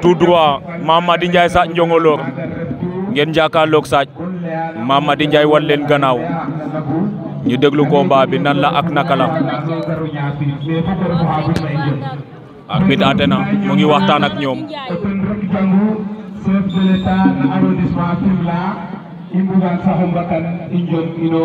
tout droit Mamadi Ndiaye Sadj Njongolor ngeen lok sa Mamadi Ndiaye wal len gannaaw ñu déglu combat bi nan la ak nakala ak arbitre ate na ngi waxtaan ak Injon Ino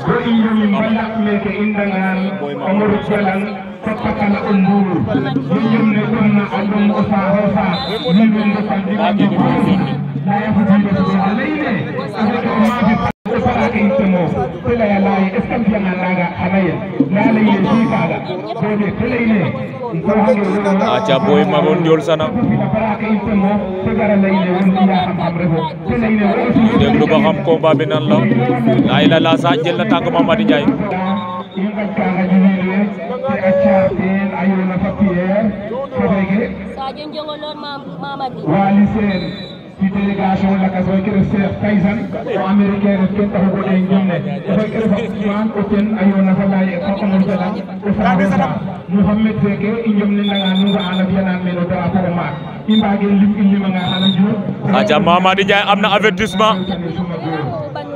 Reinyong banyak ni keindangan Umur Tepatkan umbu Minyum ni kena Adung usaha-usaha Minyum ni kena Minyum ni kena Laya hujan ni kena Laya hujan ni kena Tidak istimewa nak naga, ya? Nalai yang siapa? Boleh, boleh aca boy mago Ndiol Sana ñu déglu ba xam combat bi nan la laay la la sa jël na tànk Mamadi Ndiaye Sadio Ndiogou lool Mamadi ci délégation lakas way kere Cheikh Tyson o américain ref ken taxu ko ɗe ñamne o fay kere fa Ousmane o ten a yoona fa lay e fa amol salam o faaxa muhammed feke i jomninanga nuun ga'aano fi'anan mene to a komaak i mbaage lim i limanga xana juum aca Mamady Ndiaye am na avertissement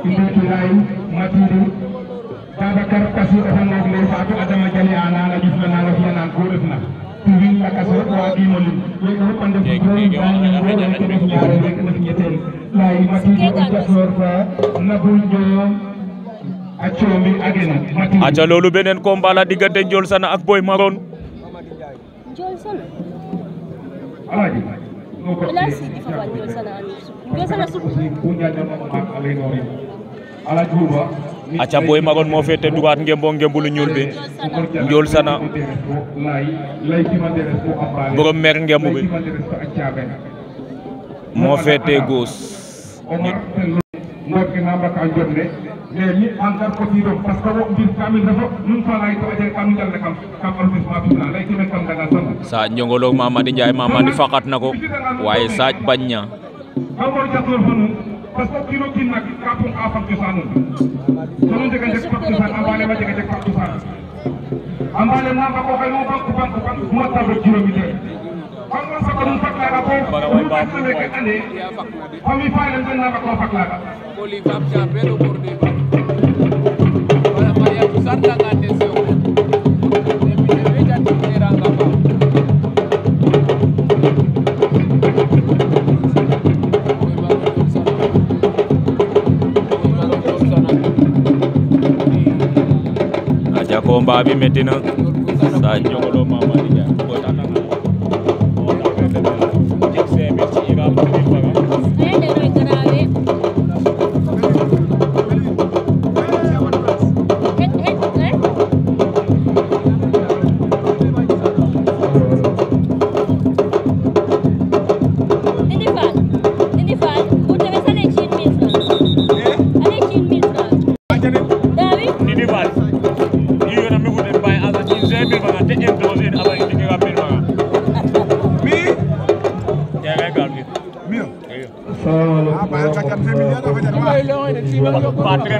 i ndetulay matidu Babacar kasi oxa ngoog ne Fatou Adama Jali ah, a nana ƴufna nana fi'anan ku refna tuwin lakas rek waagimo lim a ndef rek ndef ñaare rek ndef ñeteen lay matidu o jasor fa Nabou aca loolu benen combat la digante jol Sana ak Boy maron acha Boy Maroon moo féete droite ngembo ngembulu ñuul bi Ndiol Sana borom mer ngembu bi mo fete gauche e min an gar aussi ɗo par fakat nako waye saj bagna kamor jatnor fo ko xay mo banku banku mo tabe juromi de kamon sa kanun fak ko mu tak na meke ane fa len den na ko fak laga Oli Fabia Pedro Cordoba sartagande sewo emine wetati teranga ba aja combat bi metti na sa njogolo mamadi dia ko tatanga Patre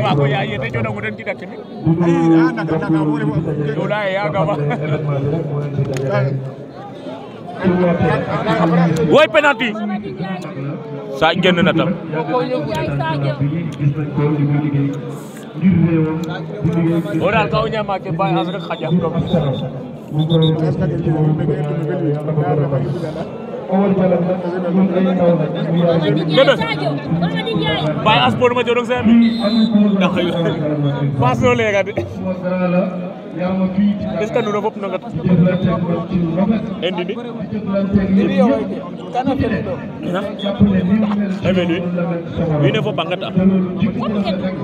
mako ya yete jona ngudan tidak kini. Iya, nak nak kamu ni. Jona ya Awal Jallo ñun ay ndaw la ñu yaay bébé as bo ma jox ak seen ndax pass lo lega de est-ce que nuna fop nangat endi ni eme ni wiin we fop a ngata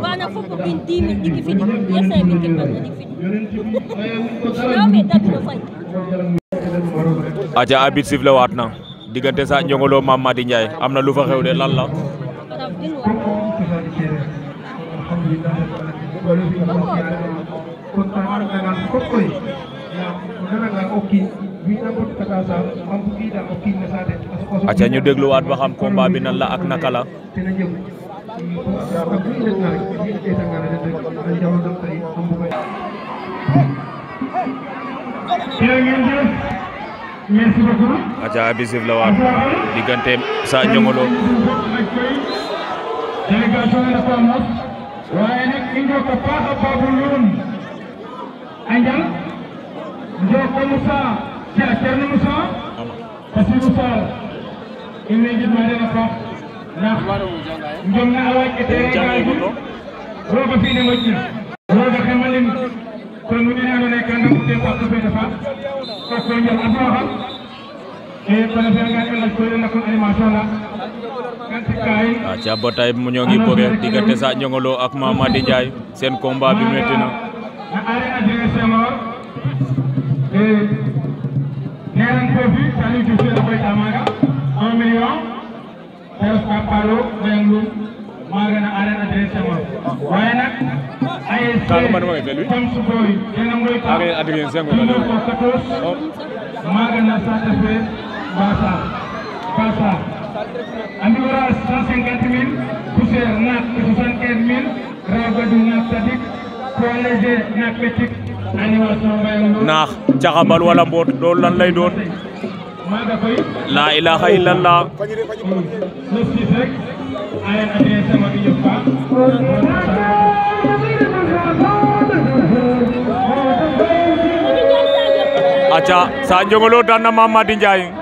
wana fop bin dimin ɗiki fiɗi yasa bin kin banna ɗik fiɗi aca arbitre sifle waat na diggante sa njongoloo Mame am na lu fa xew de lan la acca ñu dégluwaat ba xam combat bi la ak naka la aca abi sif la waat diggante sa njongolo délégation ne ko mos waaye nag i njoko paax a paax luun a njang njoko Moussa te a Ceerno Moussa parce que Moussa in a paax ndax na a waag ke te rega roga fi ne moƴna roga xema lim to minen anone gandamuɗe bakko ɓe ngi boge ah, diggante Sa Ndiogolo ak Mamady Ndiaye seen combat bi metti na directement waaye nag ASC Shamsu Boy yéen a ngoy tax numéro 14 Magana Santa Fe Bassa Bassa Andiwara 150 000 poussière naak 75 000 raw gadu naak tadik poids léger naak petit naax jaxabal wala mboot loolu lan lay doon la ilaha illallah aca sa njongolo tan na